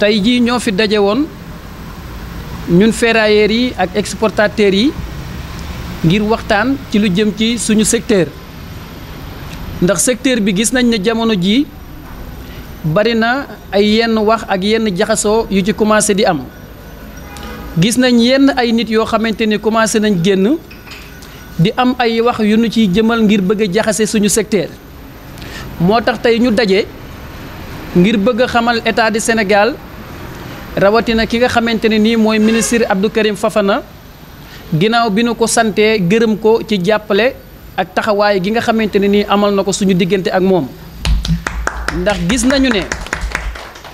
tey jii ñoo fi daje woon ñun ferrailleurs yi ak exportateurs yi ngir waxtaan ci lu jëm ci suñu secteur ndax secteur bi gis nañ ne jamono jii bari na ay yenn wax ak yenn jaxasoo yu ci commencé di am gis nañ yenn ay nit yoo xamante ni commencé nañ génn di am ay wax yu ñu ciy jëmal ngir bëgg jaxase suñu secteur moo tax tey ñu daje ngir bëgg xamal état du Sénégal. rawatina ki nga xamante ne nii mooy ministre Abdou Karim Fafana ginnaaw bi nu ko santee gërëm ko ci jàppale ak taxawaay gi nga xamante ne nii amal na ko suñu diggante ak moom ndax gis nañu ne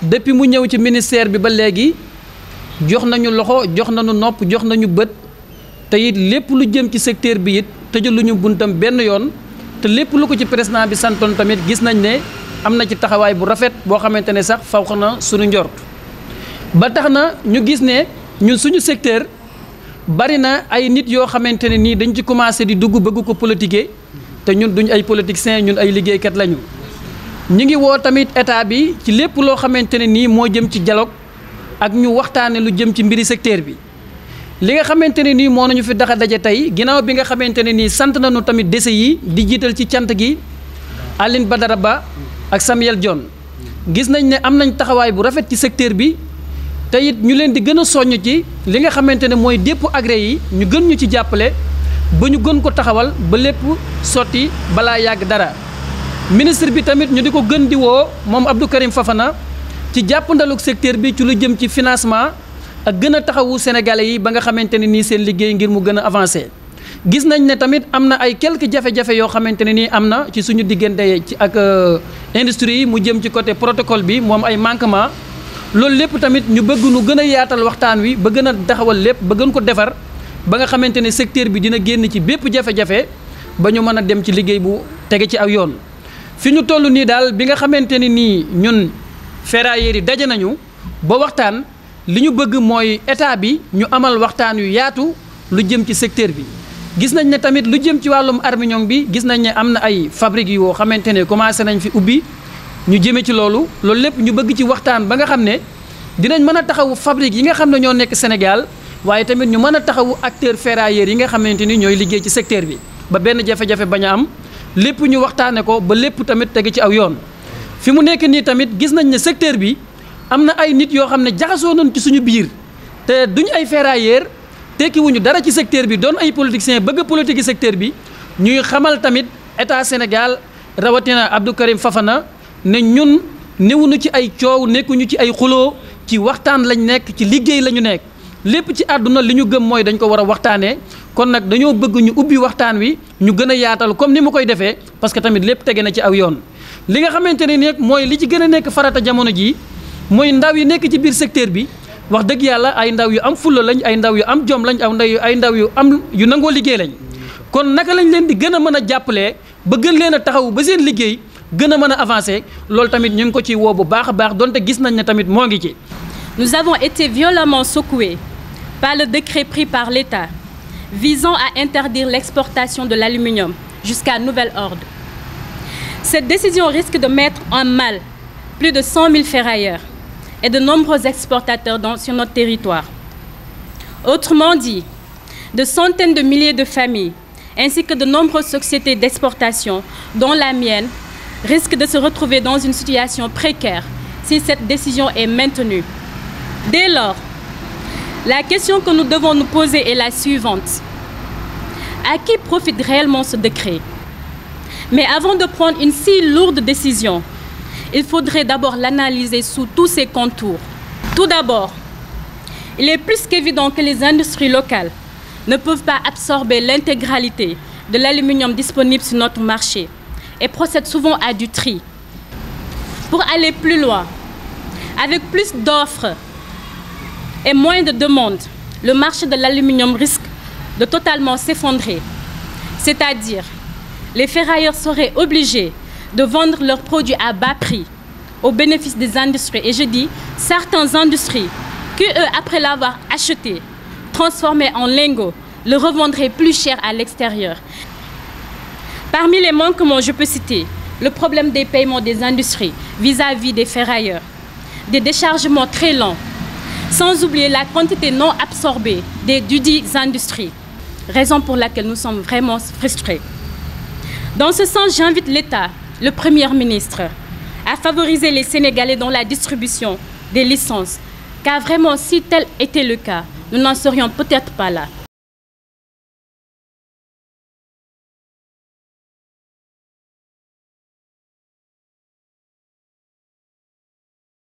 depuis mu ñëw ci ministère bi ba léegi jox nañu loxo jox nañu nopp jox nañu bët te it lépp lu jëm ci secteur bi it tëjaluñu buntam benn yoon te lépp lu ko ci président bi santoon tamit gis nañ ne am na ci taxawaay bu rafet boo xamante ne sax faw na suñu njort ba tax na ñu gis ne ñun suñu secteur bari na ay nit yoo xamante ne nii dañ ci commencé di dugg bëgg ko politiquer te ñun duñu ay politiciens ñun ay liggéeykat lañu. ñu ngi woo tamit état bi ci lépp loo xamante ne nii moo jëm ci dialogue ak ñu waxtaane lu jëm ci mbiri secteur bi li nga xamante ne nii moo nañu fi daxa daje tey ginnaaw bi nga xamante ne nii sant nañu tamit dese yi di jiital ci cant gi Aline Badara Ba ak Samuel John gis nañ ne am nañ taxawaay bu rafet ci secteur bi te it ñu leen di gën a soññ ci li nga xamante ne mooy dépp agréé yi ñu gën ñu ci jàppale ba ñu gën ko taxawal ba lépp sotti balaa yàgg dara ministre bi tamit ñu di ko gën di woo moom Abdou Karim Fafana ci jàppandaluk secteur bi ci lu jëm ci financement ak gën a taxawu sénégalais yi ba nga xamante ne nii seen liggéey ngir mu gën a avancé gis nañ ne tamit am na ay quelques jafe-jafe yoo xamante ne nii am na ci suñu diggante ci ak euh, industrie yi mu jëm ci côté protocole bi moom ay manquement loolu lépp tamit ñu bëgg nu gën a yaatal waxtaan wi ba gën a taxawal lépp ba gën ko defar ba nga xamante ne secteur bi dina génn ci bépp jafe-jafe ba ñu mën a dem ci liggéey bu tege ci aw yoon. fi ñu toll nii daal bi nga xamante ne nii ñun ferrailleurs yi daje nañu ba waxtaan li ñu bëgg mooy état bi ñu amal waxtaan yu yaatu lu jëm ci secteur bi. gis nañ ne tamit lu jëm ci wàllum armignon bi gis nañ ne am na ay fabrique yoo xamante ne commencé nañ fi ubbi. ñu jëmee ci loolu loolu lépp ñu bëgg ci waxtaan ba nga xam ne dinañ mën a taxawu fabrique yi nga xam ne ñoo nekk Sénégal waaye tamit ñu mën a taxawu acteurs ferrailleurs yi nga xamante ni ñooy liggéey ci secteur bi ba benn jafe-jafe bañ am lépp ñu waxtaane ko ba lépp tamit tege ci aw yoon fi mu nekk nii tamit gis nañ ne secteur bi am na ay nit yoo xam ne jaxasoo nañ ci suñu biir te duñ ay ferrailleurs tekkiwuñu dara ci secteur bi doon ay politiciens bëgg politique secteur bi ñuy xamal tamit état Sénégal rawatina Abdou Karim Fafana ne ñun newuñu ci ay coow nekkuñu ci ay xuloo ci waxtaan lañ nekk ci liggéey la ñu nekk lépp ci àdduna li ñu gëm mooy dañ ko war a waxtaanee kon nag dañoo bëgg ñu ubbi waxtaan wi ñu gën a yaatal comme ni mu koy defee parce que tamit lépp tege na ci aw yoon li nga xamante ni nag mooy li ci gën a nekk farata jamono jii mooy ndaw yi nekk ci biir secteur bi wax dëgg yàlla ay ndaw yu am fulla lañ ay ndaw yu am jom lañ aw ndaw yu ay ndaw yu am yu nangoo liggéey lañ kon naka lañ leen di gën a mën a jàppalee ba gën leen a taxaw ba seen liggéey gën a mën a avancer loolu tamit ñu ngi ko ciy woo bu baax a baax donte gis nañ ne tamit moo ngi ci. Nous avons été violemment secoués par le décret pris par l'État visant à interdire l'exportation de l'aluminium jusqu'à nouvel ordre. Cette décision risque de mettre en mal plus de 100 000 ferrailleurs et de nombreux exportateurs dans, sur notre territoire. Autrement dit, de centaines de milliers de familles ainsi que de nombreuses sociétés d'exportation, dont la mienne, risque de se retrouver dans une situation précaire si cette décision est maintenue. Dès lors, la question que nous devons nous poser est la suivante. À qui profite réellement ce décret Mais avant de prendre une si lourde décision, il faudrait d'abord l'analyser sous tous ses contours. Tout d'abord, il est plus qu'évident que les industries locales ne peuvent pas absorber l'intégralité de l'aluminium disponible sur notre marché. et procèdent souvent à du tri. Pour aller plus loin, avec plus d'offres et moins de demandes, le marché de l'aluminium risque de totalement s'effondrer. C'est-à-dire, les ferrailleurs seraient obligés de vendre leurs produits à bas prix au bénéfice des industries. Et je dis, certaines industries qui, eux, après l'avoir acheté, transformé en lingots, le revendraient plus cher à l'extérieur. Parmi les manquements, je peux citer le problème des paiements des industries vis-à-vis des ferrailleurs, des déchargements très lents, sans oublier la quantité non absorbée des dudites industries, raison pour laquelle nous sommes vraiment frustrés. Dans ce sens, j'invite l'État, le Premier ministre, à favoriser les Sénégalais dans la distribution des licences, car vraiment, si tel était le cas, nous n'en serions peut-être pas là.